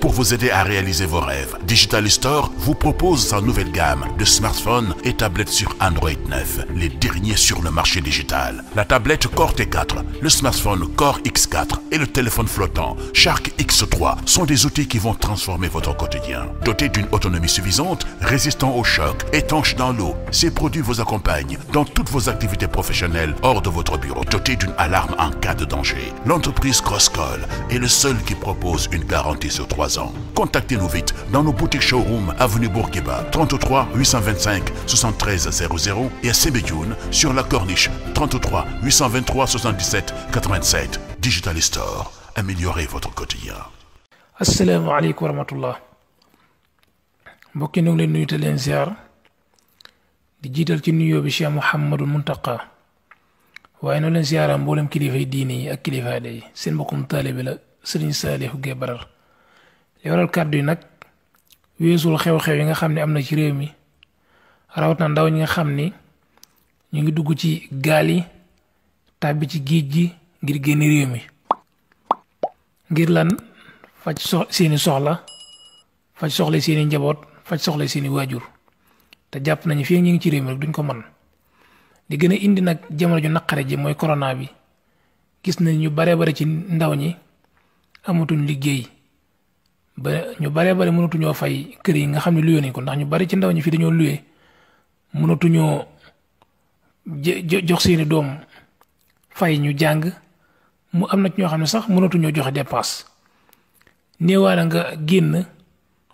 pour vous aider à réaliser vos rêves. Digital Store vous propose sa nouvelle gamme de smartphones et tablettes sur Android les derniers sur le marché digital. La tablette Core T4, le smartphone Core X4 et le téléphone flottant Shark X3 sont des outils qui vont transformer votre quotidien. Dotés d'une autonomie suffisante, résistant aux chocs, étanches dans l'eau, ces produits vous accompagnent dans toutes vos activités professionnelles hors de votre bureau. trois ans. Contactez-nous vite dans nos boutiques showroom avenue Bourguiba 33 825 73 00 et à Soumbédioune sur la Corniche 33 823 77 87 Digital Store améliorez votre quotidien. asalaamaaleykum wa rahmatullah mbokk yi ñu ngi leen nuyu te leen ziar di jiital ci nuyoo bi Cheikh Mouhamadul Muntaqa waaye noo leen ziaraa mboolem kilifa yi diine yi ak kilifa yi seen mbokkum taalibe la Serigne Salihou Gueye li waral kàddu yi nag weesul xew-xew yi nga xam ne am na ci réew mi rawat na ndaw ñi nga xam ni ñu ngi dugg ci gaal yi tàbbi ci géej gi ngir génn réew mi ngir lan faj sox seeni soxla faj soxla seeni njaboot faj soxla seeni waajur te jàpp nañu fii ñu ngi ci réew mi rek duñ ko mën di gën a indi nag jamono ju naqare ji mooy korona bi gis nañ ñu bare bare ci ndaw ñi amatuñ liggéey ba ñu baree bari mënatuñoo fay kër yi nga xam ne luye nañ ko ndax ñu bari ci ndaw ñi fii dañoo luye mënatuñoo jox seeni doom fay ñu jàng mu am na ci ñoo xam ne sax mënatuñoo joxe dépasse néewaana nga génn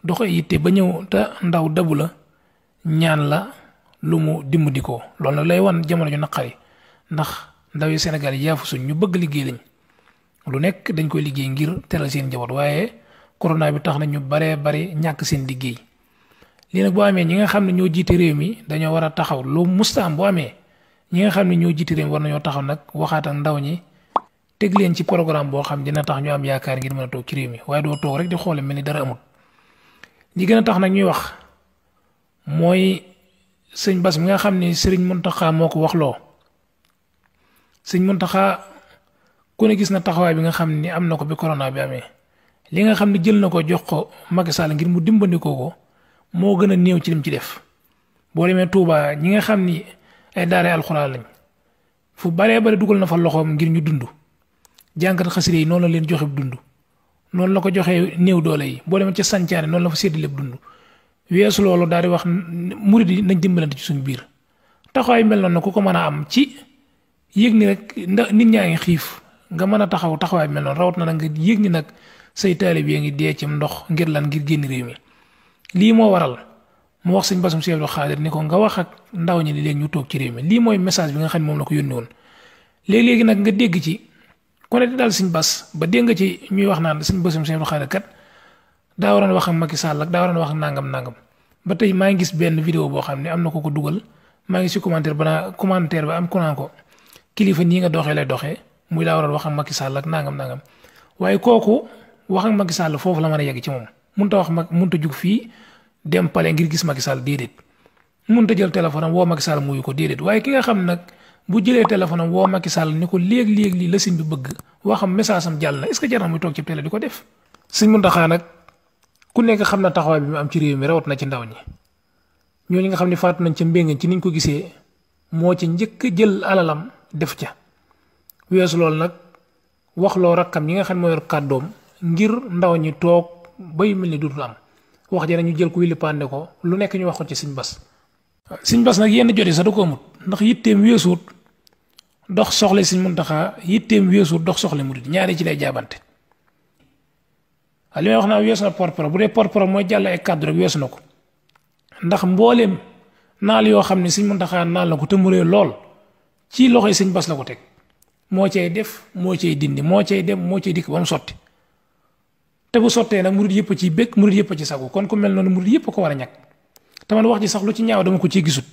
dox yitte ba ñëw te ndaw dabu la ñaan la lu mu dimbali ko loolu na lay wan jamono ju naqari ndax ndaw yi Sénégal yaafu suñ ñu bëgg liggéey lañ lu nekk dañ koy liggéey ngir teral seen njaboot waaye corona bi tax na ñu baree bari ñàkk seen liggéey lii nag boo amee ñi nga xam ne ñoo jiite réew mi dañoo war a taxaw loo musta am boo amee ñi nga xam ne ñoo jiite réew mi war nañoo taxaw nag waxaat ak ndaw ñi teg leen ci programme boo xam dina tax ñu am yaakaar ngir mën a toog ci réew mi waaye doo toog rek di xoole mel ni dara amul ñi gën a tax nag ñuy wax mooy sëñ bas mi nga xam ne sëriñ Mountakha moo ko wax loo sëñ Mountakha ku ne gis na taxawaay bi nga xam ni am na ko bi corona bi amee. li nga xam ne jël na ko jox ko Macky ngir mu dimbandikoo ko moo gën a néew ci lim ci def boo demee Touba ñi nga xam ni ay daara alxuraan lañ fu baree bari dugal na fa loxoom ngir ñu dund jàngat xasire yi noonu la leen joxe dund noonu la ko joxee néew doole yi boo demee ci sancaane noonu la fa séddi lépp dund weesu loolu daal di wax murid yi nañ dimbalante ci suñu biir taxawaay mel noonu ku ko mën a am ci yéeg ni rek ndax nit ñaa ngi xiif nga mën a taxaw taxawaay mel noonu rawat na nag yéeg ni nag say taalib yaa ngi dee ci ndox ngir lan ngir génn réew mi lii moo waral mu wax sëñ Bassirou Abdou Khadre ni ko nga wax ak ndaw ñi ni leen ñu toog ci réew mi lii mooy message bi nga xam ne moom la ko yónnee woon léegi-léegi nag nga dégg ci ku ne daal sëñ Bass ba dégg nga ci ñuy wax naan sëñ Bassirou Abdou Khadre kat daa waroon wax ak Macky Sall ak wax nangam nangam ba tey maa ngi gis benn vidéo boo xam ne am na ko ko dugal maa ngi si commentaire ba commentaire bi am ku naan ko kilifa nii nga doxee lay doxee muy daa waral wax ak Macky Sall ak nangam nangam waaye kooku wax ak Macky foofu la mën a yegg ci moom mënut wax mag mënut a jug fii dem ngir gis Macky Sall déedéet mënut a jël téléphone woo Macky Sall muyu ko déedéet waaye ki nga xam nag bu jëlee téléphone am woo Sall ni ko léeg-léeg lii la sëñ bi bëgg waxam message am jàll na est-ce que jar na muy toog ci télé di ko def. sëñ Mountakha nag ku nekk xam na taxawaay bi mu am ci réew mi rawat na ci ndaw ñi ñooñu nga xam ne faatu nañ ca mbéng ci niñ ko gisee moo ci njëkk jël alalam def ca weesu loolu nag wax loo rakkam yi nga xam ne moo yor kàddoom ngir ndaw ñi toog bay mel ni dootul am wax ji ñu jël ko wilipande ko lu nekk ñu wax ko ci Sëñ bas Sëñ Bass nag yenn jot yi sax da ko amut ndax yitteem weesuut dox soxla Sëñ Muntaxa yitteem weesuut dox soxla murid ñaari ci lay jaabante. li wax naa weesu na porte-parole bu dee porte-parole mooy jàll ay kàddu rek weesu na ko ndax mbooleem naal yoo xam ne Sëñ Muntaxa naal na ko te mu lool ci loxoy Sëñ bas la ko teg moo cay def moo cay dindi moo cay dem moo cay dikk ba sotti. te sottee nag murid yëpp ci bëgg murid yëpp ci sagu kon ku mel noonu murid yëpp ko war a ñàkk te wax ji sax lu ci ñaaw dama ko ciy gisut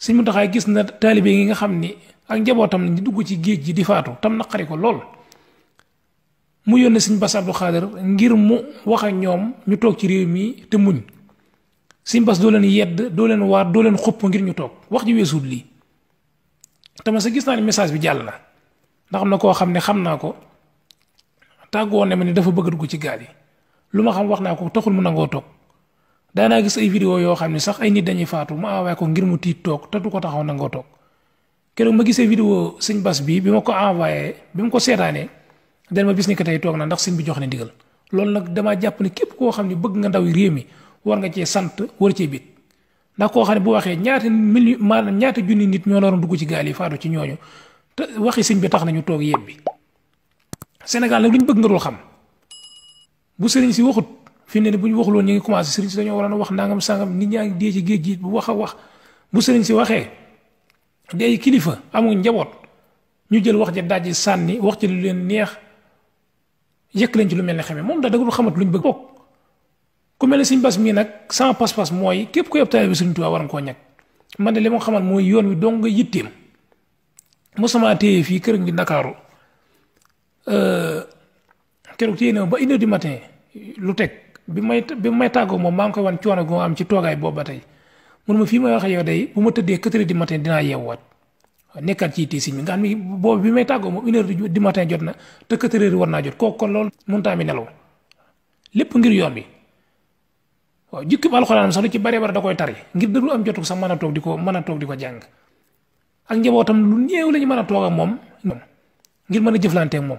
Sëñ Muntaxa gis na taalibe yi nga xam ni njabootam ñu dugg ci géej gi di faatu tam naqari ko lool mu yónnee Sëñ Bass Abdou Khader ngir mu wax ak ñoom ñu toog ci réew mi te muñ Sëñ Bass doo leen yedd doo leen waar doo leen xupp ngir ñu toog wax ji weesuut lii te man sa gis naa ne message bi jàll na ndax am koo xam ne xam naa ko. tàggoo ne ma ne dafa bëgg dugg ci gaal yi lu ma xam wax naa ko taxul mu nangoo toog daanaa gis ay vidéo yoo xam ne sax ay nit dañuy faatu mu envoyé ko ngir mu tiit toog te du ko taxaw nangoo toog keroog ma gisee vidéo sëñ bas bii bi ma ko envoyé bi ma ko seetaanee dañ bis ni que tey toog na ndax sëñ bi jox ne ndigal loolu nag damaa jàpp képp koo xam ne bëgg nga ndaw yi réew mi war cee sant war cee bit ndax koo xam ne bu waxee ñaata million maanaam ñaata junni nit ñoo la waroon dugg ci gaal yi faatu ci ñooñu te waxi sëñ bi tax nañu toog yebbi Sénégal nag lu ñu bëgg nga dul xam bu sëriñ si waxut fi ne ni bu ñu waxuloon ñu ngi commencé sëriñ si dañoo waroon a wax nangam sangam nit ñaa ngi dee ci géej gi bu wax a wax bu sëriñ si waxee day kilifa amuñ njaboot ñu jël wax ja dajji sànni wax ci lu leen neex yëkk leen ci lu mel ne xamee moom daal da nga dul xamat lu ñu bëgg bokk ku mel ne Sëriñ Bass mii nag sans pas-pas mooy képp koy ab taalibe Sëriñ Tuubaa war nga koo ñàkk man ne li ma xamal mooy yoon wi dong nga yitteem mosuma téye fii kër gi Ndakaaru Euh, keroog ci yéen ba une heure du matin lu teg bi may bi may tàggoo moom maa ngi koy wan coono gu am ci toogaay boobu ba tey mun ma fii may wax yow day bu ma tëddee quatre heures du matin dinaa yeewuwaat nekkaat ci tiisi mi nga xam ni bi may tàggoo moom une heure du matin jot na te quatre heures war naa jot kooku kon loolu mënut a lépp ngir yoon bi waaw jukki ba alxuraan sax lu ci bare bare da koy tari ngir da dul am jotuk sax mën a toog di ko mën a toog di ko jàng ak njabootam lu néew la ñu mën a toog ak moom ngir mën a jëflante moom.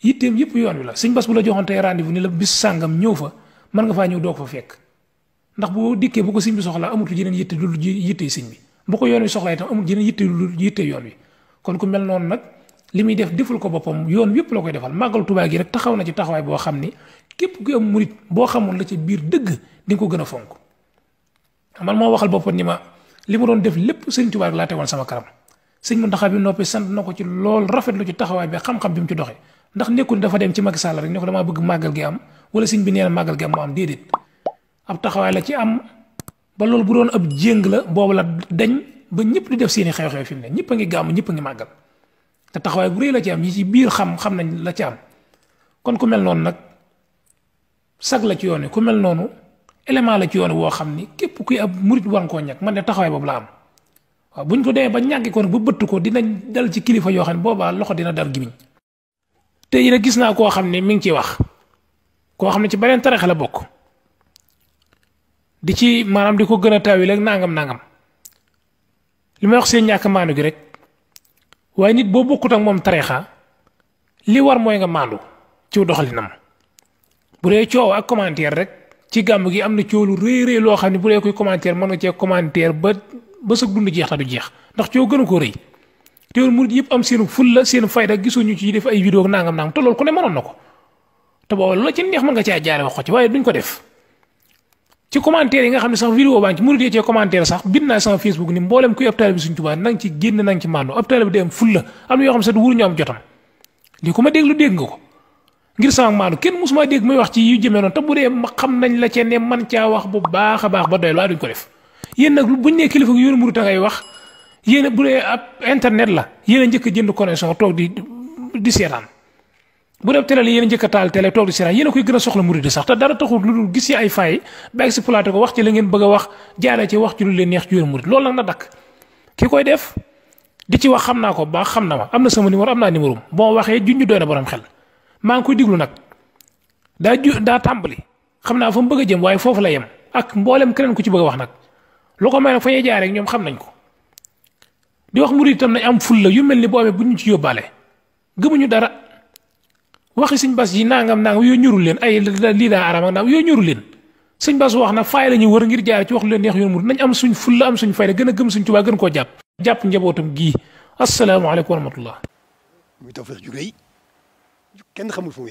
yitteem yëpp yoon wi la sëñ bas bu la joxoon tey rendez-vous ni la bis sàngam ñëw fa man nga faa ñëw doog fa fekk ndax boo dikkee bu ko sëñ bi soxlaa amut jeneen yitte ji yittee sëñ bi bu ko yoon wi soxlaa itam amut jeneen yitte dul yitte yoon wi kon ku mel noonu nag li muy def deful ko boppam yoon yëpp la koy defal màggal Tuubaa gi rek taxaw na ci taxawaay boo xam ni képp ku am boo xamoon la ci biir dëgg di ko gën a fonk man moo waxal boppam ni ma li ma doon def lépp sëñ Tuubaa laa tegoon sama karam sëñ Muntaxa bi noppi sant na ko ci lool rafetlu ci taxawaay bi xam bi mu ci doxee ndax nekkul dafa dem ci Macky Sall rek ne ko damaa bëgg màggal gi am wala sëñ bi nee na màggal gi am moo am déedéet ab taxawaay la ci am ba loolu bu doon ab jéng la boobu la dañ ba ñëpp di def seeni xew fi mu ne ñëpp a ngi gàmm ñëpp ngi màggal te taxawaay bu rëy la ci am ñi ci biir xam xam nañ la ci am kon ku mel noonu nag sag la ci yoon wi ku mel noonu élément la ci yoon woo xam ni képp kuy ab murit war nga koo ne taxawaay boobu la am waaw buñ ko dee ba ñàkk ko nag ba bëtt ko dinañ dal ci kilifa yoo xam ne boobaa loxo dina dal gimiñ te jii nag gis naa koo xam ne mi ngi ciy wax koo xam ne ci beneen tarixa la bokk di ci maanaam di ko gën a taawil ak nangam nangam li may wax seen ñàkk maandu gi rek waaye nit boo bokkut ak moom tarixa li war mooy nga maandu ci doxalinam bu dee coow ak commentaire rek ci gàmm gi am na coow lu rëy rëy loo xam ne bu dee koy commentaire mën nga cee commentaire ba ba sa dund jeex ta du jeex ndax coow gënu ko rëy. teewul murid yëpp am seen fulla seen fayda ay vidéo nangam nangam te loolu ku na ko te nga caa jaare wax ko ci waaye duñ ko def ci yi nga xam ne sax vidéo baa ngi ci murid bi suñ Tuubaa nang ci génn nang ci màndu ab taalibe bi day am fulla am na yoo xam sax wuruñu am jotam lii ma déglu dégg nga ko may wax ci yu jëmee noonu te bu dee ma xam nañ la cee ne man caa wax bu baax a baax ba doy waaye duñ ko def yéen nag buñ ne kilifa gi yoonu murid ngay wax yéen bu dee ab internet la yéen a njëkk jënd connexion toog di di seetaan bu dee télé la yéen a njëkk a taal télé toog di seetaan yéen a koy gën a soxla murid sax te dara taxul lu dul gis ay fay ba exploité ko wax ci la ngeen bëgg wax jaaree ci wax ci lu leen neex ci yoonu murid loolu nag koy def di ci wax xam naa ko ba xam na ma am na sama numéro am naa numéro boo waxee junj doy na borom xel maa ngi koy diglu nag daa ju daa tàmbali xam naa fa mu bëgg a jëm waaye foofu la yem ak mboolem keneen ku ci bëgg a wax nag lu ko may nag fa ñuy jaaree ñoom xam nañ ko di wax murid tam nañ am fulla yu mel ni boo bu ñu ci yóbbaale gëmuñu dara waxi sëñ bas yi nangam nangam yooyu ñurul leen ay lii daa araam ak naam yoo ñurul leen sëñ bas wax na faay la ñu wër ngir jaar ci wax lu leen neex yoon murid nañ am suñ fulla am suñ fayda gën a gëm suñ Tuubaa gën koo jàpp jàpp njabootam gii asalaamaaleykum wa rahmatullah muy tawfeex ju rëy kenn xamul fu mu